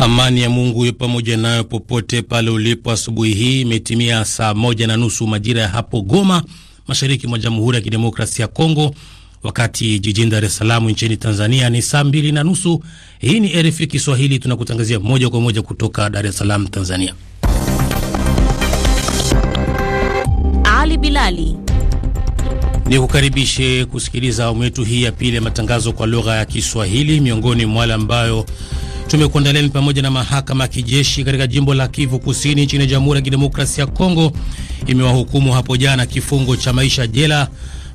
Amani ya Mungu iwe pamoja nayo popote pale ulipo. Asubuhi hii imetimia saa moja na nusu majira ya hapo Goma, mashariki mwa Jamhuri ya Kidemokrasia ya Kongo, wakati jijini Dar es Salaam nchini Tanzania ni saa mbili na nusu. Hii ni RFI Kiswahili, tunakutangazia moja kwa moja kutoka Dar es Salaam, Tanzania. Ali Bilali ni kukaribishe kusikiliza awamu yetu hii ya pili ya matangazo kwa lugha ya Kiswahili. Miongoni mwa wale ambayo tumekuandalia ni pamoja na mahakama ya kijeshi katika jimbo la Kivu Kusini nchini Jamhuri ya Kidemokrasia ya Kongo imewahukumu hapo jana kifungo cha maisha jela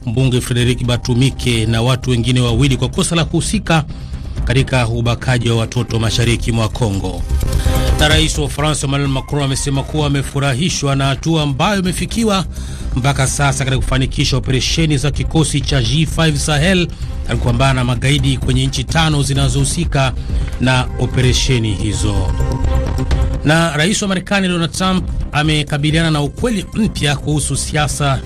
mbunge Frederik Batumike na watu wengine wawili kwa kosa la kuhusika katika ubakaji wa watoto mashariki mwa Kongo. Na rais wa Ufaransa Emmanuel Macron amesema kuwa amefurahishwa na hatua ambayo imefikiwa mpaka sasa katika kufanikisha operesheni za kikosi cha G5 Sahel na na magaidi kwenye nchi tano zinazohusika na operesheni hizo. Na rais wa Marekani Donald Trump amekabiliana na ukweli mpya kuhusu siasa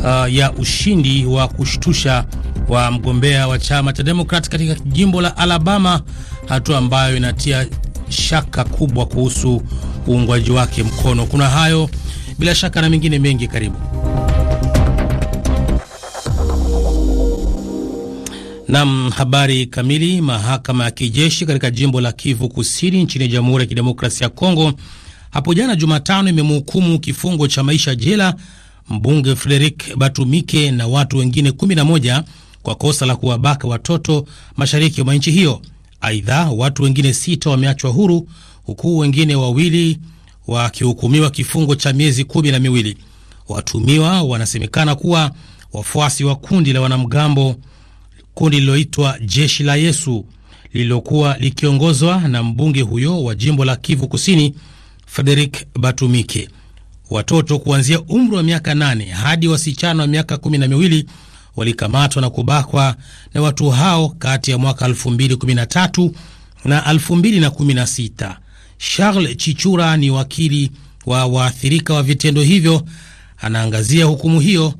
uh, ya ushindi wa kushtusha wa mgombea wa chama cha Demokrat katika jimbo la Alabama, hatua ambayo inatia shaka kubwa kuhusu uungwaji wake mkono. Kuna hayo bila shaka na mengine mengi, karibu nam. Habari kamili. Mahakama ya kijeshi katika jimbo la Kivu Kusini nchini Jamhuri ya Kidemokrasia ya Kongo hapo jana Jumatano imemhukumu kifungo cha maisha jela mbunge Frederic Batumike na watu wengine 11 kwa kosa la kuwabaka watoto mashariki mwa nchi hiyo. Aidha, watu wengine sita wameachwa huru huku wengine wawili wakihukumiwa kifungo cha miezi kumi na miwili. Watumiwa wanasemekana kuwa wafuasi wa kundi la wanamgambo, kundi lililoitwa Jeshi la Yesu lililokuwa likiongozwa na mbunge huyo wa jimbo la Kivu Kusini, frederik Batumike. Watoto kuanzia umri wa miaka nane hadi wasichana wa miaka kumi na miwili walikamatwa na kubakwa na watu hao kati ya mwaka 2013 na 2016. Charles Chichura ni wakili wa waathirika wa vitendo hivyo, anaangazia hukumu hiyo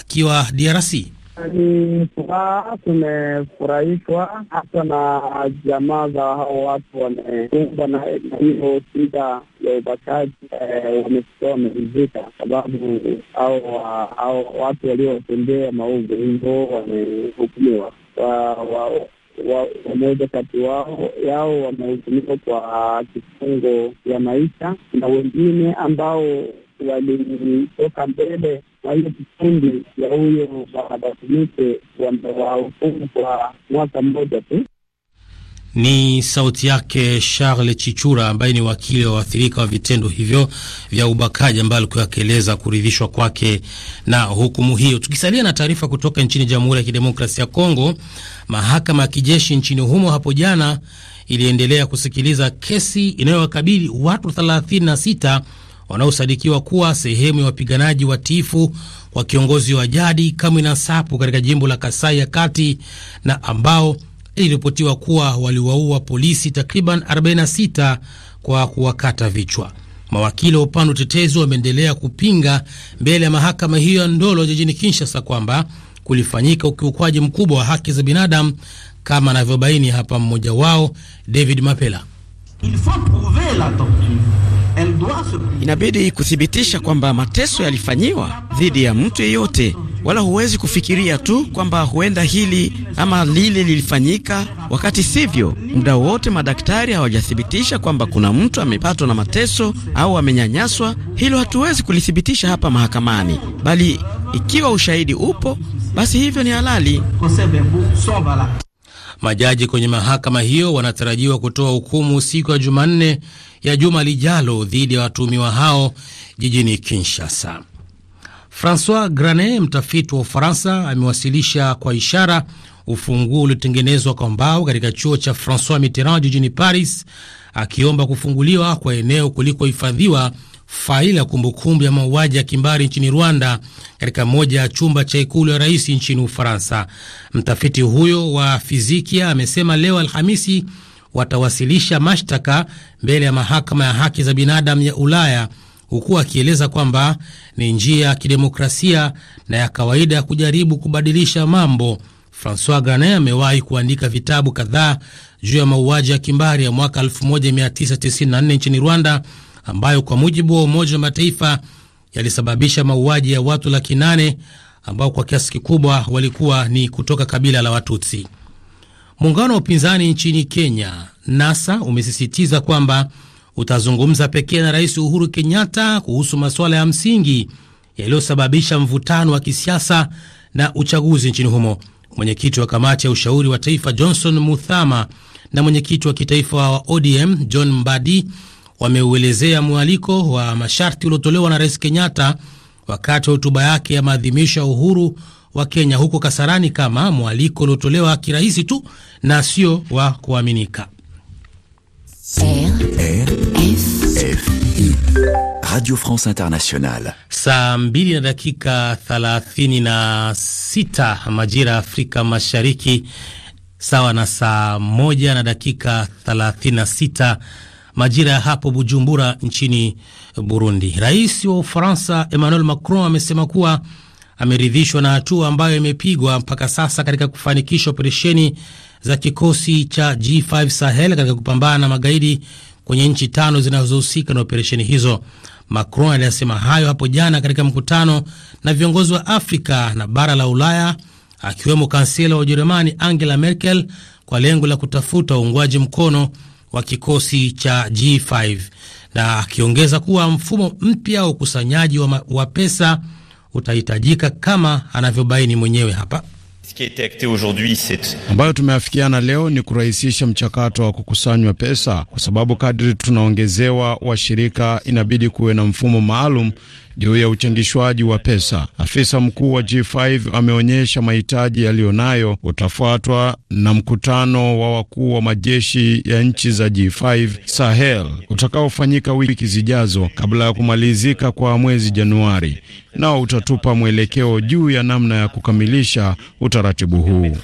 akiwa DRC. Ni furaha, tumefurahishwa hasa na jamaa za hao watu wamekumbwa na hiyo shida ya ubakaji, eh, wamekuwa wamerizika, sababu hao watu waliotendea maovu hivyo wamehukumiwa wamoja kati wao yao wamehukumiwa kwa kifungo ya maisha, na wengine ambao walitoka mbele kwa hiyo kikundi ya huyo Barabasilike wamewahukumu kwa mwaka mmoja tu. Ni sauti yake Charles Chichura, ambaye ni wakili wa waathirika wa vitendo hivyo vya ubakaji, ambaye alikuwa akieleza kuridhishwa kwake na hukumu hiyo. Tukisalia na taarifa kutoka nchini Jamhuri ya Kidemokrasia ya Kongo, mahakama ya kijeshi nchini humo hapo jana iliendelea kusikiliza kesi inayowakabili watu 36 wanaosadikiwa kuwa sehemu ya wapiganaji watiifu wa kiongozi wa jadi Kamwina Nsapu katika jimbo la Kasai ya kati na ambao iliripotiwa kuwa waliwaua polisi takriban 46 kwa kuwakata vichwa. Mawakili wa upande utetezi wameendelea kupinga mbele ya mahakama hiyo ya Ndolo jijini Kinshasa kwamba kulifanyika ukiukwaji mkubwa wa haki za binadamu, kama anavyobaini hapa mmoja wao David Mapela. Inabidi kuthibitisha kwamba mateso yalifanyiwa dhidi ya mtu yeyote, wala huwezi kufikiria tu kwamba huenda hili ama lile lilifanyika, wakati sivyo. Muda wote madaktari hawajathibitisha kwamba kuna mtu amepatwa na mateso au amenyanyaswa. Hilo hatuwezi kulithibitisha hapa mahakamani, bali ikiwa ushahidi upo, basi hivyo ni halali. Majaji kwenye mahakama hiyo wanatarajiwa kutoa hukumu siku ya Jumanne ya juma lijalo dhidi ya watuhumiwa hao jijini Kinshasa. Francois Grane, mtafiti wa Ufaransa, amewasilisha kwa ishara ufunguo uliotengenezwa kwa mbao katika chuo cha Francois Mitterrand jijini Paris, akiomba kufunguliwa kwa eneo kulikohifadhiwa faili ya kumbukumbu ya mauaji ya kimbari nchini Rwanda katika moja ya chumba cha ikulu ya rais nchini Ufaransa. Mtafiti huyo wa fizikia amesema leo Alhamisi watawasilisha mashtaka mbele ya mahakama ya haki za binadamu ya Ulaya, huku akieleza kwamba ni njia ya kidemokrasia na ya kawaida ya kujaribu kubadilisha mambo. Francois Granet amewahi kuandika vitabu kadhaa juu ya mauaji ya kimbari ya mwaka 1994 nchini Rwanda ambayo kwa mujibu wa Umoja wa Mataifa yalisababisha mauaji ya watu laki nane ambao kwa kiasi kikubwa walikuwa ni kutoka kabila la Watutsi. Muungano wa upinzani nchini Kenya, NASA, umesisitiza kwamba utazungumza pekee na Rais Uhuru Kenyatta kuhusu masuala ya msingi yaliyosababisha mvutano wa kisiasa na uchaguzi nchini humo. Mwenyekiti wa kamati ya ushauri wa taifa Johnson Muthama na mwenyekiti wa kitaifa wa ODM John Mbadi wameuelezea mwaliko wa masharti uliotolewa na Rais Kenyatta wakati wa hotuba yake ya maadhimisho ya uhuru wa Kenya huko Kasarani kama mwaliko uliotolewa kirahisi tu na sio wa kuaminika. Radio France Internationale. Saa mbili na dakika 36 majira ya Afrika Mashariki, sawa na saa 1 na dakika 36 majira ya hapo Bujumbura nchini Burundi. Rais wa Ufaransa Emmanuel Macron amesema kuwa ameridhishwa na hatua ambayo imepigwa mpaka sasa katika kufanikisha operesheni za kikosi cha G5 Sahel katika kupambana na magaidi kwenye nchi tano zinazohusika na operesheni hizo. Macron aliyasema hayo hapo jana katika mkutano na viongozi wa Afrika na bara la Ulaya akiwemo kansela wa Ujerumani Angela Merkel kwa lengo la kutafuta uungwaji mkono wa kikosi cha G5 na akiongeza kuwa mfumo mpya wa ukusanyaji wa, wa pesa utahitajika kama anavyobaini mwenyewe hapa ambayo tumeafikiana leo ni kurahisisha mchakato wa kukusanywa pesa, kwa sababu kadri tunaongezewa washirika, inabidi kuwe na mfumo maalum juu ya uchangishwaji wa pesa. Afisa mkuu wa G5 ameonyesha mahitaji yaliyonayo, utafuatwa na mkutano wa wakuu wa majeshi ya nchi za G5 Sahel utakaofanyika wiki zijazo kabla ya kumalizika kwa mwezi Januari, nao utatupa mwelekeo juu ya namna ya kukamilisha utaratibu huu.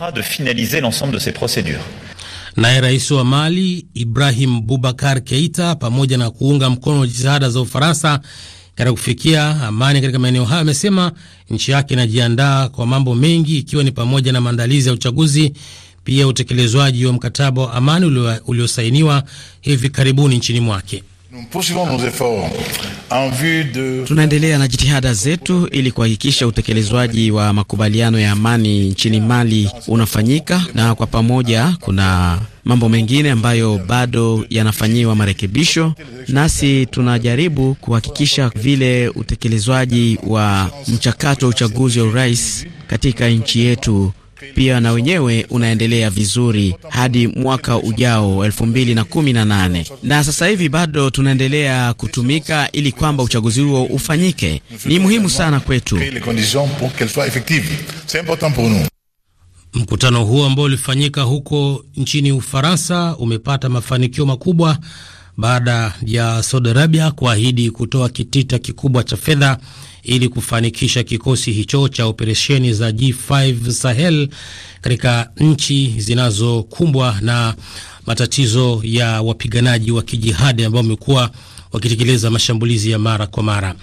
Naye rais wa Mali Ibrahim Boubacar Keita, pamoja na kuunga mkono jitihada za Ufaransa katika kufikia amani katika maeneo hayo, amesema nchi yake inajiandaa kwa mambo mengi, ikiwa ni pamoja na maandalizi ya uchaguzi, pia utekelezwaji wa mkataba wa amani uliosainiwa hivi karibuni nchini mwake. Tunaendelea na jitihada zetu ili kuhakikisha utekelezwaji wa makubaliano ya amani nchini Mali unafanyika, na kwa pamoja kuna mambo mengine ambayo bado yanafanyiwa marekebisho, nasi tunajaribu kuhakikisha vile utekelezwaji wa mchakato wa uchaguzi wa urais katika nchi yetu pia na wenyewe unaendelea vizuri hadi mwaka ujao 2018 na sasa hivi bado tunaendelea kutumika ili kwamba uchaguzi huo ufanyike. Ni muhimu sana kwetu. Mkutano huo ambao ulifanyika huko nchini Ufaransa umepata mafanikio makubwa baada ya Saudi Arabia kuahidi kutoa kitita kikubwa cha fedha ili kufanikisha kikosi hicho cha operesheni za G5 Sahel katika nchi zinazokumbwa na matatizo ya wapiganaji wa kijihadi ambao wamekuwa wakitekeleza mashambulizi ya mara kwa mara.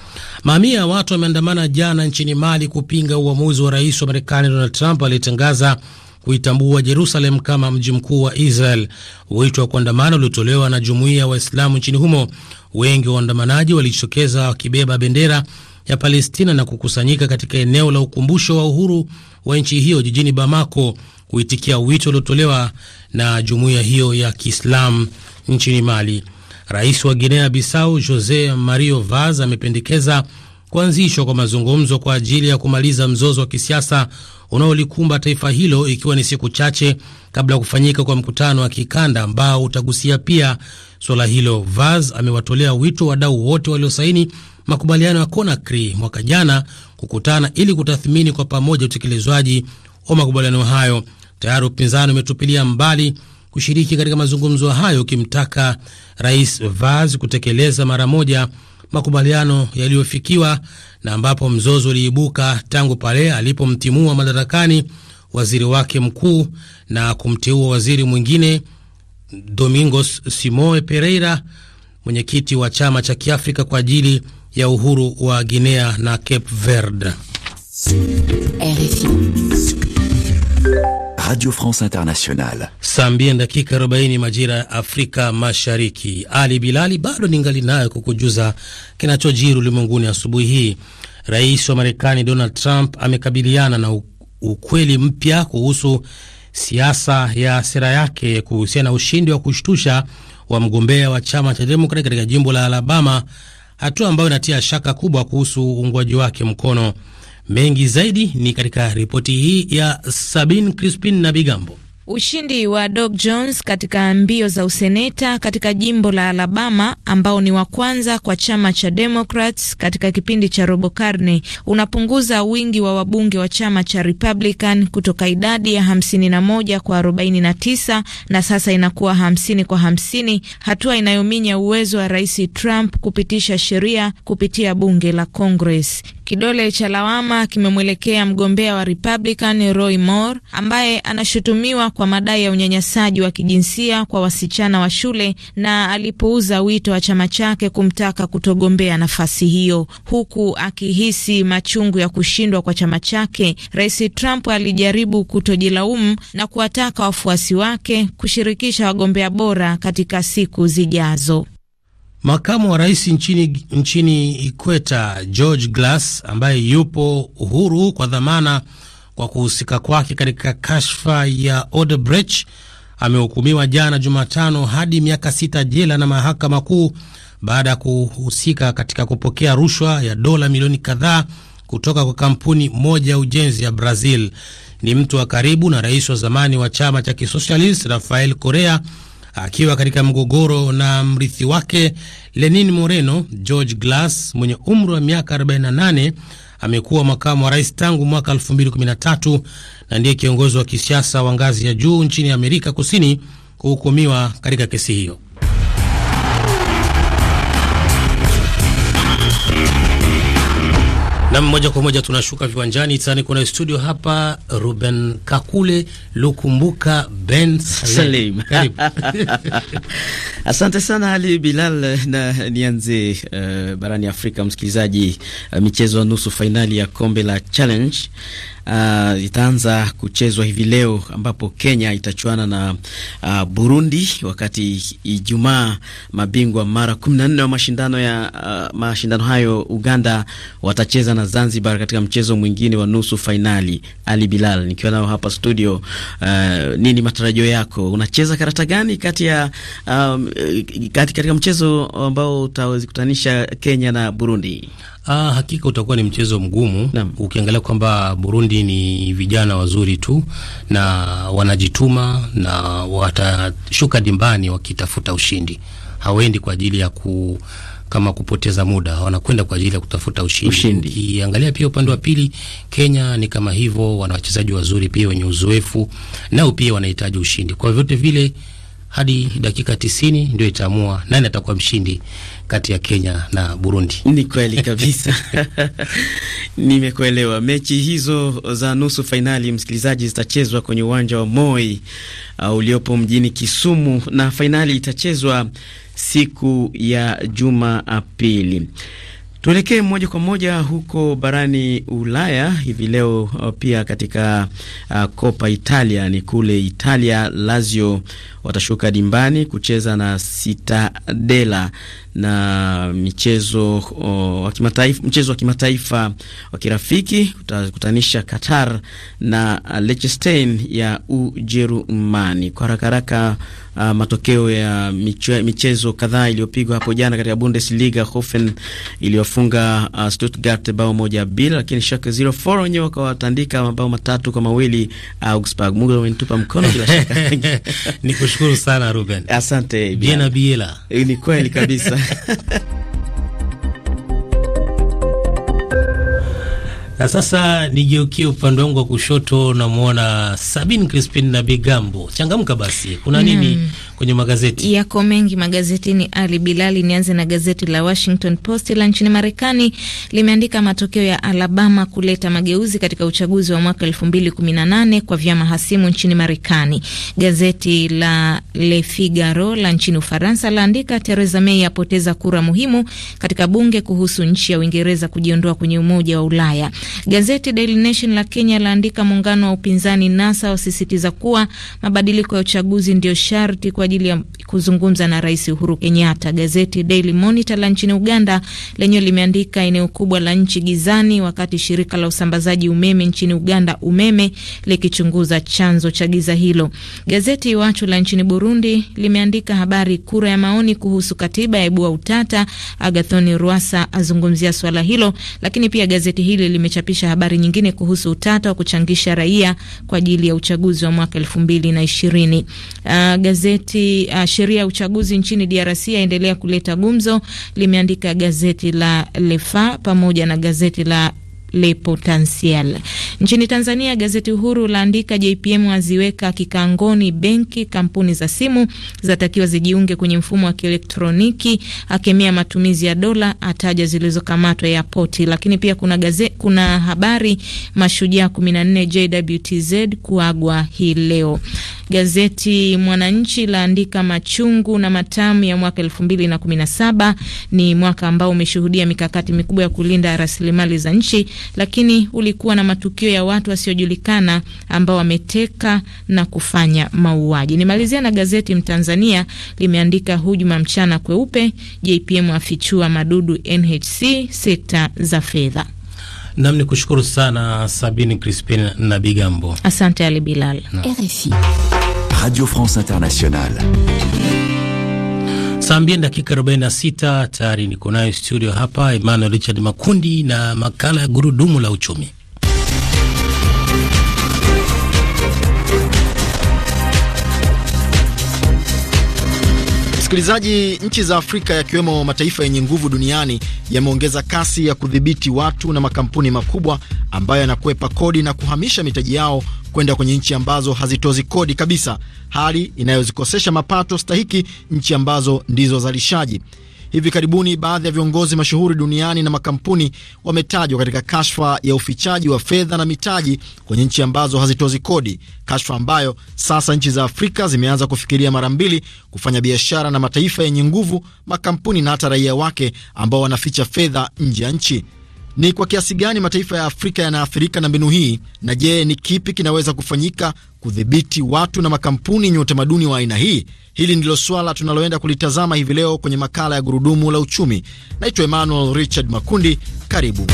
Mamia ya watu wameandamana jana nchini Mali kupinga uamuzi wa rais wa Marekani Donald Trump aliyetangaza kuitambua Jerusalem kama mji mkuu wa Israel. Wito wa kuandamana uliotolewa na jumuiya ya Waislamu nchini humo. Wengi wa waandamanaji walijitokeza wakibeba bendera ya Palestina na kukusanyika katika eneo la ukumbusho wa uhuru wa nchi hiyo jijini Bamako kuitikia wito uliotolewa na jumuiya hiyo ya Kiislamu nchini Mali. Rais wa Guinea Bissau Jose Mario Vaz amependekeza kuanzishwa kwa mazungumzo kwa ajili ya kumaliza mzozo wa kisiasa unaolikumba taifa hilo ikiwa ni siku chache kabla ya kufanyika kwa mkutano wa kikanda ambao utagusia pia suala hilo. Vaz amewatolea wito wadau wote waliosaini makubaliano ya Conakry mwaka jana kukutana ili kutathmini kwa pamoja utekelezwaji wa makubaliano hayo. Tayari upinzani umetupilia mbali kushiriki katika mazungumzo hayo, ukimtaka Rais Vaz kutekeleza mara moja makubaliano yaliyofikiwa na ambapo mzozo uliibuka tangu pale alipomtimua madarakani waziri wake mkuu na kumteua waziri mwingine Domingos Simoe Pereira, mwenyekiti wa chama cha Kiafrika kwa ajili ya uhuru wa Guinea na Cape Verde. RFI Radio France Internationale, saa mbili dakika 40 majira ya Afrika Mashariki. Ali Bilali bado ningali nayo kukujuza kinachojiri ulimwenguni asubuhi hii. Rais wa Marekani Donald Trump amekabiliana na ukweli mpya kuhusu siasa ya sera yake kuhusiana na ushindi wa kushtusha wa mgombea wa chama cha Demokrati katika jimbo la Alabama hatua ambayo inatia shaka kubwa kuhusu uungwaji wake mkono. Mengi zaidi ni katika ripoti hii ya Sabin Crispin na Bigambo. Ushindi wa Doug Jones katika mbio za useneta katika jimbo la Alabama ambao ni wa kwanza kwa chama cha Democrats katika kipindi cha robo karne unapunguza wingi wa wabunge wa chama cha Republican kutoka idadi ya 51 kwa 49 na sasa inakuwa 50 kwa 50, hatua inayominya uwezo wa Rais Trump kupitisha sheria kupitia bunge la Congress. Kidole cha lawama kimemwelekea mgombea wa Republican Roy Moore ambaye anashutumiwa kwa madai ya unyanyasaji wa kijinsia kwa wasichana wa shule na alipouza wito wa chama chake kumtaka kutogombea nafasi hiyo. Huku akihisi machungu ya kushindwa kwa chama chake, Rais Trump alijaribu kutojilaumu na kuwataka wafuasi wake kushirikisha wagombea bora katika siku zijazo. Makamu wa rais nchini, nchini Ikweta George Glass ambaye yupo uhuru kwa dhamana kwa kuhusika kwake katika kashfa ya Odebrecht amehukumiwa jana Jumatano hadi miaka sita jela na mahakama kuu baada ya kuhusika katika kupokea rushwa ya dola milioni kadhaa kutoka kwa kampuni moja ya ujenzi ya Brazil. Ni mtu wa karibu na rais wa zamani wa chama cha kisosialist Rafael Correa akiwa katika mgogoro na mrithi wake Lenin Moreno. George Glass mwenye umri wa miaka 48 amekuwa makamu wa rais tangu mwaka 2013 na ndiye kiongozi wa kisiasa wa ngazi ya juu nchini Amerika Kusini kuhukumiwa katika kesi hiyo. Nam, moja kwa moja tunashuka viwanjani tani, kuna studio hapa Ruben Kakule Lukumbuka Ben Salim. Asante sana Ali Bilal, na nianze uh, barani Afrika msikilizaji, uh, michezo ya nusu fainali ya kombe la Challenge uh, itaanza kuchezwa hivi leo ambapo Kenya itachuana na uh, Burundi, wakati Ijumaa mabingwa mara 14 wa mashindano ya uh, mashindano hayo Uganda watacheza na Zanzibar katika mchezo mwingine wa nusu fainali. Ali Bilal nikiwa nao hapa studio, uh, nini matarajio yako? Unacheza karata gani kati ya um, eh, kati katika mchezo ambao kutanisha Kenya na Burundi? Ah, hakika utakuwa ni mchezo mgumu na, ukiangalia kwamba Burundi ni vijana wazuri tu na wanajituma na watashuka dimbani wakitafuta ushindi. Hawendi kwa ajili ya ku kama kupoteza muda, wanakwenda kwa ajili ya kutafuta ushindi. Ushindi. Ukiangalia pia upande wa pili, Kenya ni kama hivyo, wana wachezaji wazuri pia wenye uzoefu, nao pia wanahitaji ushindi. Kwa vyote vile hadi dakika tisini ndio itaamua nani atakuwa mshindi kati ya Kenya na Burundi. Ni kweli kabisa. Nimekuelewa. Mechi hizo za nusu fainali, msikilizaji, zitachezwa kwenye uwanja wa Moi uh, uliopo mjini Kisumu na fainali itachezwa siku ya Jumapili. Tuelekee moja kwa moja huko barani Ulaya hivi leo. Uh, pia katika uh, Copa Italia ni kule Italia, Lazio watashuka dimbani kucheza na Citadella na michezo o, wa kimataifa, mchezo wa kimataifa wa kirafiki kutanisha Qatar na Liechtenstein ya Ujerumani. Kwa haraka haraka uh, matokeo ya miche, michezo kadhaa iliyopigwa hapo jana katika Bundesliga, Hoffen iliyofunga uh, Stuttgart bao moja bila, lakini Schalke 04 wenyewe wakawatandika mabao matatu kwa mawili Augsburg. Mungu amenitupa mkono bila shaka. Nikushukuru sana Ruben. Asante. Biena Biela. Ni kweli kabisa. Na sasa nigeukie upande wangu wa kushoto, namwona Sabin Crispin na Bigambo. Changamka basi, kuna mm. nini mm kwenye magazeti yako mengi magazetini. Ali Bilali, nianze na gazeti la Washington Post la nchini Marekani. Limeandika matokeo ya Alabama kuleta mageuzi katika uchaguzi wa mwaka 2018 kwa vyama hasimu nchini Marekani. Gazeti la Le Figaro la nchini Ufaransa laandika Theresa May apoteza kura muhimu katika bunge kuhusu nchi ya Uingereza kujiondoa kwenye Umoja wa Ulaya. Gazeti Daily Nation la Kenya laandika muungano wa upinzani NASA wasisitiza kuwa mabadiliko ya uchaguzi ndio sharti kwa ajili ya kuzungumza na Rais Uhuru Kenyatta. Gazeti Daily Monitor la nchini Uganda lenyewe limeandika eneo kubwa la nchi gizani, wakati shirika la usambazaji umeme nchini Uganda umeme likichunguza chanzo cha giza hilo. Gazeti Iwachu la nchini Burundi limeandika habari kura ya maoni kuhusu katiba yaibua utata, Agathoni Rwasa azungumzia swala hilo. Lakini pia gazeti hili limechapisha habari nyingine kuhusu utata wa kuchangisha raia kwa ajili ya uchaguzi wa mwaka elfu mbili na ishirini. Uh, gazeti wakati uh, sheria ya uchaguzi nchini DRC yaendelea kuleta gumzo, limeandika gazeti la Lefa pamoja na gazeti la le potentiel. Nchini Tanzania, gazeti Uhuru laandika JPM aziweka kikangoni benki, kampuni za simu zatakiwa zijiunge kwenye mfumo wa kielektroniki, akemea matumizi ya dola, ataja zilizokamatwa ya poti. Lakini pia kuna gaze, kuna habari mashujaa 14 JWTZ kuagwa hii leo. Gazeti Mwananchi laandika machungu na matamu ya mwaka 2017 ni mwaka ambao umeshuhudia mikakati mikubwa ya kulinda rasilimali za nchi lakini ulikuwa na matukio ya watu wasiojulikana ambao wameteka na kufanya mauaji. Nimalizia na gazeti Mtanzania limeandika hujuma mchana kweupe, JPM afichua madudu NHC sekta za fedha. Nam ni kushukuru sana Sabini Crispin na Bigambo. Asante Ali Bilal. RFI Radio France Internationale. Saa mbili dakika 46 tayari niko nayo studio hapa, Emmanuel Richard Makundi na makala ya gurudumu la uchumi. Msikilizaji, nchi za Afrika yakiwemo mataifa yenye nguvu duniani yameongeza kasi ya kudhibiti watu na makampuni makubwa ambayo yanakwepa kodi na kuhamisha mitaji yao kwenda kwenye nchi ambazo hazitozi kodi kabisa, hali inayozikosesha mapato stahiki nchi ambazo ndizo wazalishaji. Hivi karibuni baadhi ya viongozi mashuhuri duniani na makampuni wametajwa katika kashfa ya ufichaji wa fedha na mitaji kwenye nchi ambazo hazitozi kodi, kashfa ambayo sasa nchi za Afrika zimeanza kufikiria mara mbili kufanya biashara na mataifa yenye nguvu, makampuni na hata raia wake ambao wanaficha fedha nje ya nchi. Ni kwa kiasi gani mataifa ya Afrika yanaathirika na mbinu hii, na je, ni kipi kinaweza kufanyika kudhibiti watu na makampuni yenye utamaduni wa aina hii? Hili ndilo swala tunaloenda kulitazama hivi leo kwenye makala ya Gurudumu la Uchumi. Naitwa Emmanuel Richard Makundi, karibu.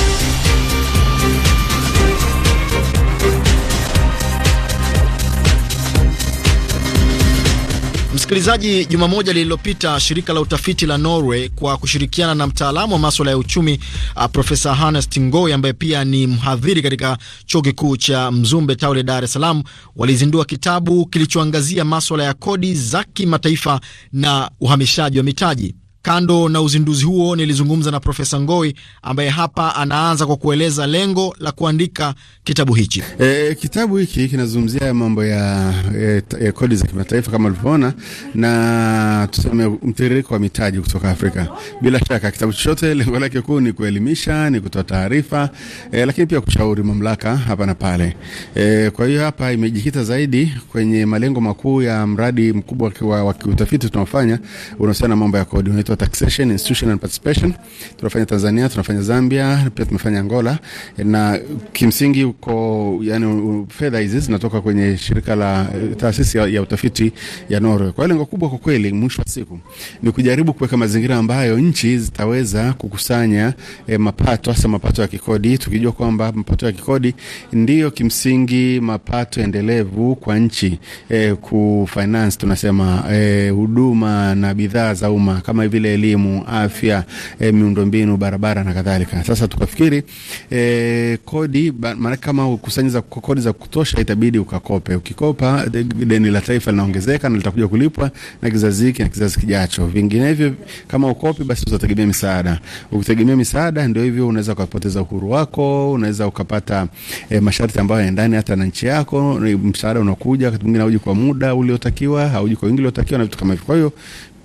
Msikilizaji, juma moja lililopita shirika la utafiti la Norway kwa kushirikiana na mtaalamu wa maswala ya uchumi uh, Profesa Hannes Tingoi ambaye pia ni mhadhiri katika chuo kikuu cha Mzumbe tawle Dar es Salaam walizindua kitabu kilichoangazia maswala ya kodi za kimataifa na uhamishaji wa mitaji. Kando na uzinduzi huo, nilizungumza na Profesa Ngoi ambaye hapa anaanza kwa kueleza lengo la kuandika kitabu hichi. E, kitabu hiki kinazungumzia mambo ya, e, eh, ya, e, eh, kodi za kimataifa kama ulivyoona, na tuseme mtiririko wa mitaji kutoka Afrika. Bila shaka kitabu chochote lengo lake kuu ni kuelimisha, ni kutoa taarifa e, lakini pia kushauri mamlaka hapa na pale e, kwa hiyo hapa imejikita zaidi kwenye malengo makuu ya mradi mkubwa wa kiutafiti tunaofanya unahusiana na mambo ya kodi unaitwa taxation institution and participation. Tunafanya Tanzania, tunafanya Zambia, pia tumefanya Angola, na kimsingi uko yani, fedha hizi zinatoka kwenye shirika la eh, taasisi ya, ya utafiti ya Norway. Kwa lengo kubwa kwa kweli, mwisho wa siku ni kujaribu kuweka mazingira ambayo nchi zitaweza kukusanya eh, mapato hasa mapato ya kikodi, tukijua kwamba mapato ya kikodi ndiyo kimsingi mapato endelevu kwa nchi eh, kufinance tunasema eh, huduma na bidhaa za umma kama vile vile elimu, afya, e, miundombinu, barabara na kadhalika. Sasa tukafikiri e, kodi, maana kama ukusanyiza kodi za kutosha itabidi ukakope. Ukikopa deni la taifa linaongezeka na litakuja kulipwa na kizazi hiki na kizazi kijacho. Vinginevyo kama ukopi, basi utategemea misaada. Ukitegemea misaada, ndio hivyo, unaweza ukapoteza uhuru wako, unaweza ukapata e, masharti ambayo yaendani hata na nchi yako. Msaada unakuja wakati mwingine hauji kwa muda uliotakiwa, hauji kwa wingi uliotakiwa na vitu kama hivyo. Kwa hiyo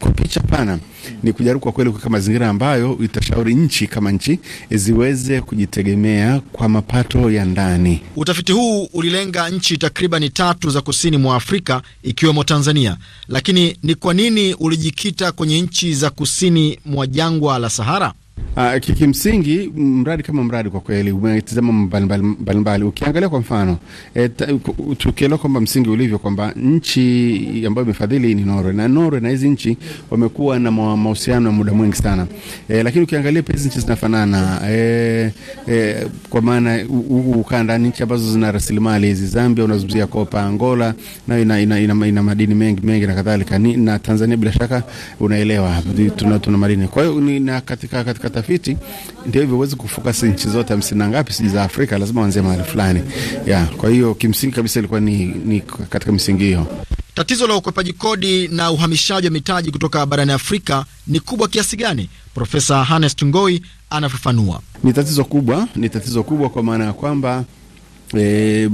kwa picha pana ni kujaribu kwa kweli kuweka mazingira ambayo itashauri nchi kama nchi ziweze kujitegemea kwa mapato ya ndani. Utafiti huu ulilenga nchi takribani tatu za kusini mwa Afrika ikiwemo Tanzania, lakini ni kwa nini ulijikita kwenye nchi za kusini mwa jangwa la Sahara? Uh, ah, kimsingi mradi kama mradi kwa kweli umetazama mbalimbali. Ukiangalia kwa mfano e, tukielewa kwamba msingi ulivyo kwamba nchi ambayo imefadhili ni Norway na Norway na hizi nchi wamekuwa na mahusiano ya muda mwingi sana e, lakini ukiangalia pia hizi nchi zinafanana e, e, kwa maana huku ukanda nchi ambazo zina rasilimali hizi. Zambia unazungumzia kopa, Angola nayo ina, ina, ina, ina madini mengi mengi na kadhalika, na Tanzania bila shaka unaelewa tuna, tuna madini kwa hiyo na katika, katika watafiti ndio hivyo, huwezi kufocus nchi zote hamsini na ngapi za Afrika, lazima wanzie mahali fulani ya. Kwa hiyo kimsingi kabisa ilikuwa ni, ni katika misingi hiyo. Tatizo la ukwepaji kodi na uhamishaji wa mitaji kutoka barani Afrika ni kubwa kiasi gani? Profesa Hannes Tungoi anafafanua. Ni tatizo kubwa, ni tatizo kubwa kwa maana ya kwamba E,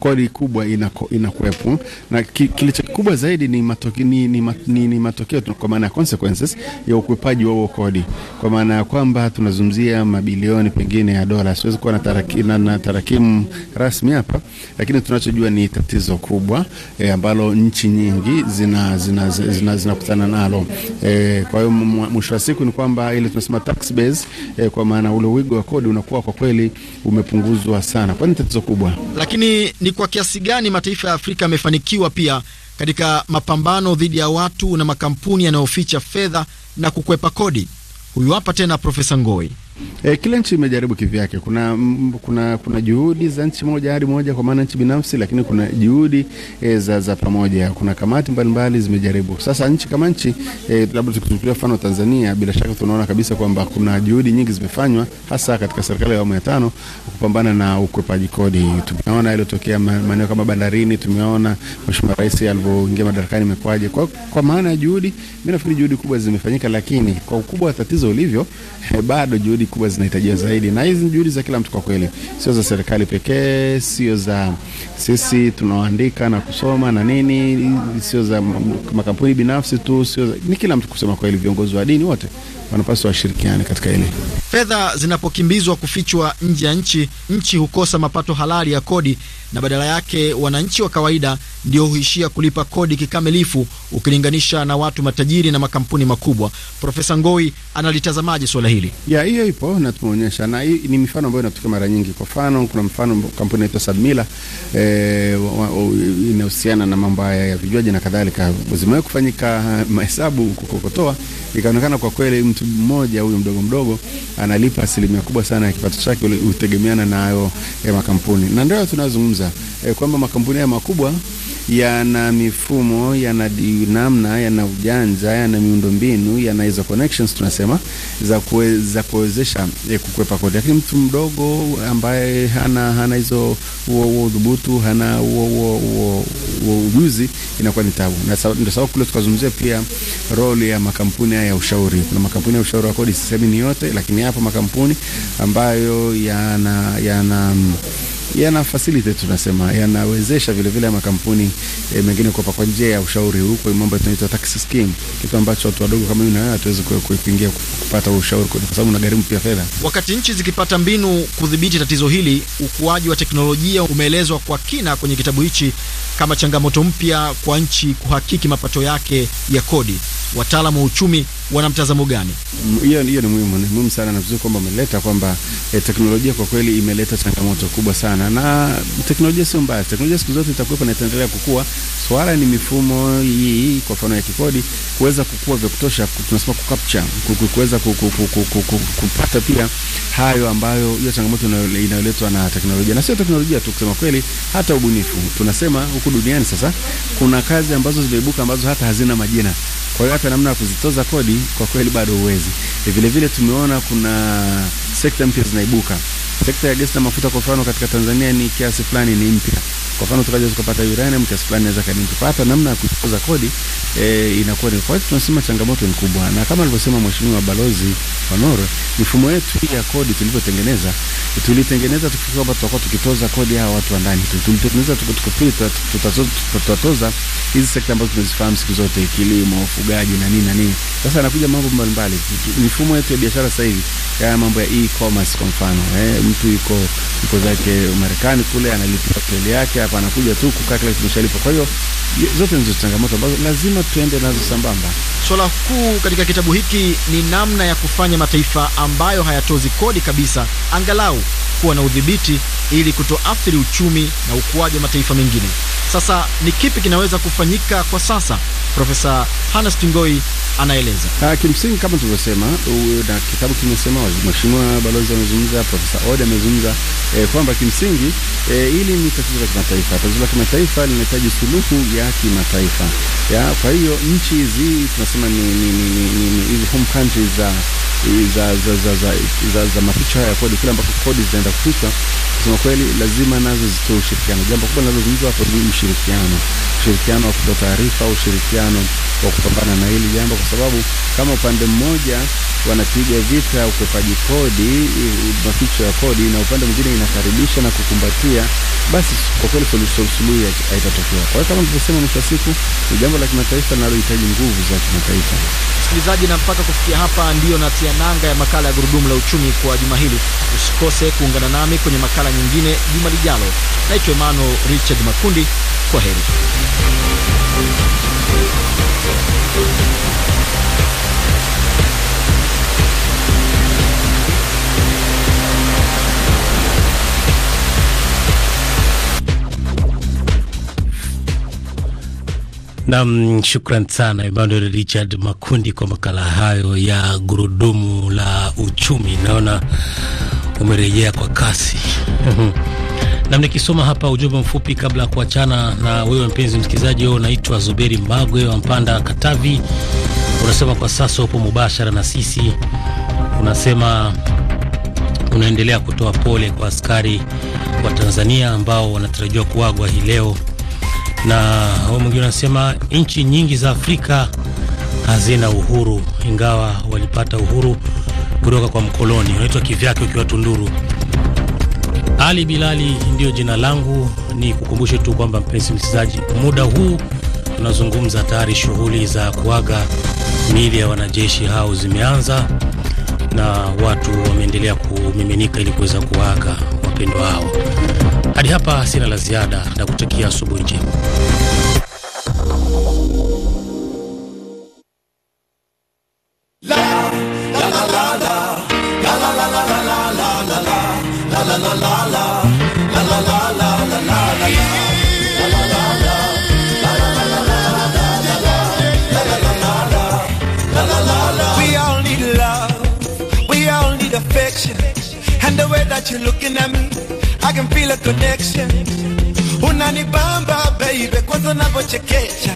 kodi kubwa inakuwepo na ki, kilicho kikubwa zaidi ni matokeo ni, ni, ni, ni matokeo kwa maana ya consequences ya ukwepaji wa huo kodi, kwa maana ya kwamba tunazungumzia mabilioni pengine ya dola. Siwezi kuwa na tarakimu na tarakimu rasmi hapa, lakini tunachojua ni tatizo kubwa e, ambalo nchi nyingi zina zinakutana zina, zina, zina, zina nalo e, kwa hiyo mwisho wa siku ni kwamba ile tunasema tax base e, kwa maana ule wigo wa kodi unakuwa kwa kweli umepunguzwa sana kwa tatizo kubwa. Lakini ni kwa kiasi gani mataifa ya Afrika yamefanikiwa pia katika mapambano dhidi ya watu na makampuni yanayoficha fedha na kukwepa kodi? Huyu hapa tena Profesa Ngoi. E, kila nchi imejaribu kivyake. Kuna, kuna, kuna juhudi za nchi moja hadi moja kwa maana nchi binafsi, lakini kuna juhudi e, za, za pamoja. Kuna kamati mbalimbali mbali zimejaribu. Sasa nchi kama nchi e, labda tukichukulia mfano Tanzania, bila shaka tunaona kabisa kwamba kuna juhudi nyingi zimefanywa hasa katika serikali ya awamu ya tano kupambana na ukwepaji kodi. Tumeona iliyotokea maeneo kama bandarini, tumeona Mheshimiwa Rais alivyoingia madarakani imekwaje. Kwa, kwa maana ya juhudi, mimi nafikiri juhudi kubwa zimefanyika, lakini kwa ukubwa wa tatizo ulivyo, e, bado juhudi kubwa zinahitajia zaidi, na hizi ni juhudi za kila mtu kwa kweli, sio za serikali pekee, sio za sisi tunaoandika na kusoma na nini, sio za makampuni binafsi tu, sio za, ni kila mtu kusema kweli, viongozi wa dini wote wanapaswa washirikiane katika hili. Fedha zinapokimbizwa kufichwa nje ya nchi, nchi hukosa mapato halali ya kodi, na badala yake wananchi wa kawaida ndio huishia kulipa kodi kikamilifu ukilinganisha na watu matajiri na makampuni makubwa. Profesa Ngoi analitazamaje suala hili? ya hiyo ipo na tumeonyesha, na hii ni mifano ambayo inatokea mara nyingi. Kwa mfano, kuna mfano kampuni inaitwa Sabmila eh, inahusiana na mambo haya ya vijuaji na kadhalika. Zimewahi kufanyika eh, mahesabu kukokotoa, ikaonekana kwa kweli mtu mmoja huyu mdogo mdogo analipa asilimia kubwa sana ya kipato chake utegemeana na hayo ya eh, makampuni, na ndio tunazungumza eh, kwamba makampuni haya makubwa yana mifumo, yana namna, yana ujanja, yana miundombinu, yana hizo connections tunasema za kuweza kuwezesha eh, kukwepa kodi, lakini mtu mdogo ambaye hana hana hizo huo huo udhubutu, hana huo huo ujuzi, inakuwa ni tabu. Ndio sababu kule tukazungumzia pia role ya makampuni haya ya ushauri. Kuna makampuni ya ushauri wa kodi, sisemi ni yote, lakini yapo makampuni ambayo yana yana yana facilitate tunasema yanawezesha vile vile makampuni e, mengine kwa kwa njia ya ushauri huko, mambo tunaitwa tax scheme, kitu ambacho watu wadogo kama mimi na wewe hatuwezi kuipingia kupata ushauri, kwa sababu unagharimu pia fedha. Wakati nchi zikipata mbinu kudhibiti tatizo hili, ukuaji wa teknolojia umeelezwa kwa kina kwenye kitabu hichi kama changamoto mpya kwa nchi kuhakiki mapato yake ya kodi. Wataalamu wa uchumi wana mtazamo gani? Hiyo hiyo ni muhimu, ni muhimu sana, na kwamba umeleta kwamba eh, teknolojia kwa kweli imeleta changamoto kubwa sana, na teknolojia sio mbaya. Teknolojia siku zote itakuwepo na itaendelea kukua. Swala ni mifumo hii, kwa mfano ya kikodi, kuweza kukua vya kutosha, tunasema ku capture, kuweza kupata pia hayo ambayo hiyo changamoto inayoletwa na teknolojia, na sio teknolojia tu, kusema kweli, hata ubunifu. Tunasema huku duniani sasa kuna kazi ambazo zimeibuka ambazo hata hazina majina, kwa hiyo hata namna ya kuzitoza kodi kwa kweli bado huwezi. Eh, vile vile tumeona kuna sekta mpya zinaibuka. Sekta ya gesi na mafuta kwa mfano katika Tanzania ni kiasi fulani ni mpya. Kwa mfano tukaja tukapata uranium kiasi fulani naweza kani kupata namna ya kuchukua kodi e, inakuwa ni kwa hiyo tunasema changamoto ni kubwa, na kama alivyosema mheshimiwa balozi Wanoro, mifumo yetu hii ya kodi tulivyotengeneza, tulitengeneza tukifikia kwamba tutakuwa tukitoza kodi hawa watu wa ndani, tu. tulitengeneza tukufikiri tutatoza hizi sekta ambazo tunazifahamu siku zote, kilimo, ufugaji na nini na nini. Sasa yanakuja mambo mbalimbali. Mifumo yetu ya biashara sasa hivi ya mambo ya e-commerce kwa mfano eh, mtu yuko yuko zake Marekani kule analipia hoteli yake hapa, anakuja tu kukaa kile kimeshalipa. Kwa hiyo zote ndizo changamoto ambazo lazima tuende nazo sambamba. Swala kuu katika kitabu hiki ni namna ya kufanya mataifa ambayo hayatozi kodi kabisa angalau kuwa na udhibiti ili kutoathiri uchumi na ukuaji wa mataifa mengine. Sasa ni kipi kinaweza kufanyika kwa sasa? Profesa Hannes Tingoi anaeleza. Uh, kimsingi kama tulivyosema na kitabu kimesema, mheshimiwa balozi amezungumza, Profesa Ode amezungumza eh, kwamba kimsingi eh, ili ni tatizo la kimataifa. Tatizo la kimataifa linahitaji suluhu ya kimataifa ya. Kwa hiyo nchi hizi tunasema ni ni ni ni hizi home countries za za za za za, za, za maficho haya kodi, kila ambako kodi zinaenda kufichwa, kusema kweli, lazima nazo zitoe ushirikiano. Jambo kubwa linalozungumzwa hapo ni ushirikiano, ushirikiano wa kutoa taarifa, ushirikiano wa kupambana na hili jambo kwa sababu kama upande mmoja wanapiga vita ukwepaji kodi, maficho ya kodi, na upande mwingine inakaribisha na kukumbatia, basi kwa kweli suluhi haitatokea. Kwa hiyo kama nilivyosema, mwisho wa siku ni jambo la kimataifa linalohitaji nguvu za kimataifa. Msikilizaji, na mpaka kufikia hapa ndiyo natia nanga ya makala ya Gurudumu la Uchumi kwa juma hili. Usikose kuungana nami kwenye makala nyingine juma lijalo. Naitwa Emmanuel Richard Makundi, kwa heri. Nam, shukran sana Emmanuel Richard Makundi kwa makala hayo ya gurudumu la uchumi. Naona umerejea kwa kasi Nam, nikisoma hapa ujumbe mfupi kabla ya kuachana na wewe mpenzi msikilizaji. Wewe unaitwa Zuberi Mbagwe wa Mpanda, Katavi. Unasema kwa sasa upo mubashara na sisi, unasema unaendelea kutoa pole kwa askari wa Tanzania ambao wanatarajiwa kuagwa hii leo, na wewe mwingine unasema nchi nyingi za Afrika hazina uhuru, ingawa walipata uhuru kutoka kwa mkoloni. Unaitwa kivyake ukiwa Tunduru. Ali Bilali ndiyo jina langu. Ni kukumbushe tu kwamba mpenzi msikilizaji, muda huu tunazungumza, tayari shughuli za kuaga miili ya wanajeshi hao zimeanza na watu wameendelea kumiminika ili kuweza kuaga wapendwa hao. Hadi hapa sina la ziada na kutakia asubuhi njema. ile connection unanibamba baby, kwanza navochekesha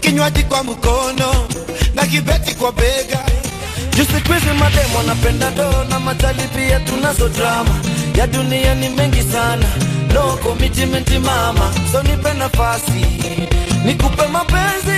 kinywaji kwa mkono na kibeti kwa bega juu siku hizi mademo napenda do na matali pia tunazo drama ya dunia ni mengi sana, no commitment mama, so nipe nafasi nikupe mapenzi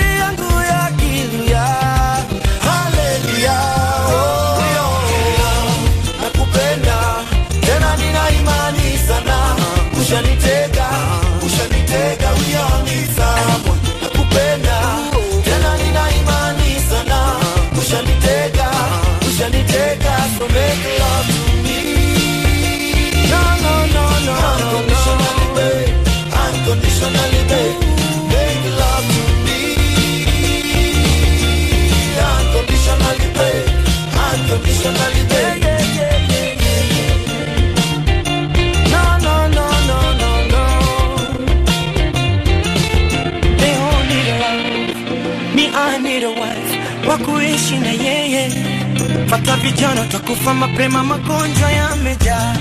Fata vijana takufa mapema, magonjwa yamejaa.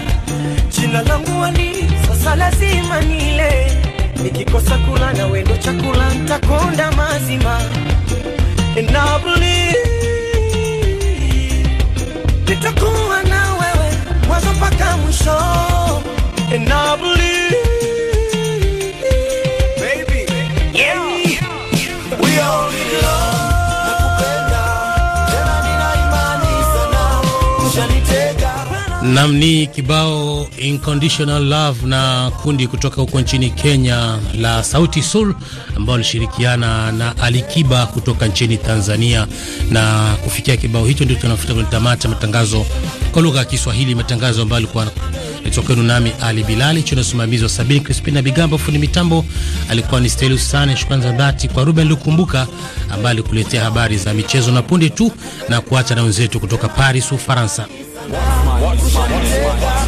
Jina langu Ali, sasa lazima nile. Nikikosa kula na wendo chakula ntakonda mazima. And I believe 受。Nam ni kibao Inconditional Love na kundi kutoka huko nchini Kenya la Sauti Sol ambao walishirikiana na Alikiba kutoka nchini Tanzania. Na kufikia kibao hicho, ndio tunafuta kwenye tamati matangazo kwa lugha ya Kiswahili, matangazo ambayo alikuwa itokenu nami Ali Bilali chini usimamizi wa Sabini na Bigambo, fundi mitambo alikuwa ni Stelus Sane. Shukrani za dhati kwa Ruben Lukumbuka ambaye alikuletea habari za michezo na punde tu na kuacha na wenzetu kutoka Paris, Ufaransa. What's mine? What's my, What's mine?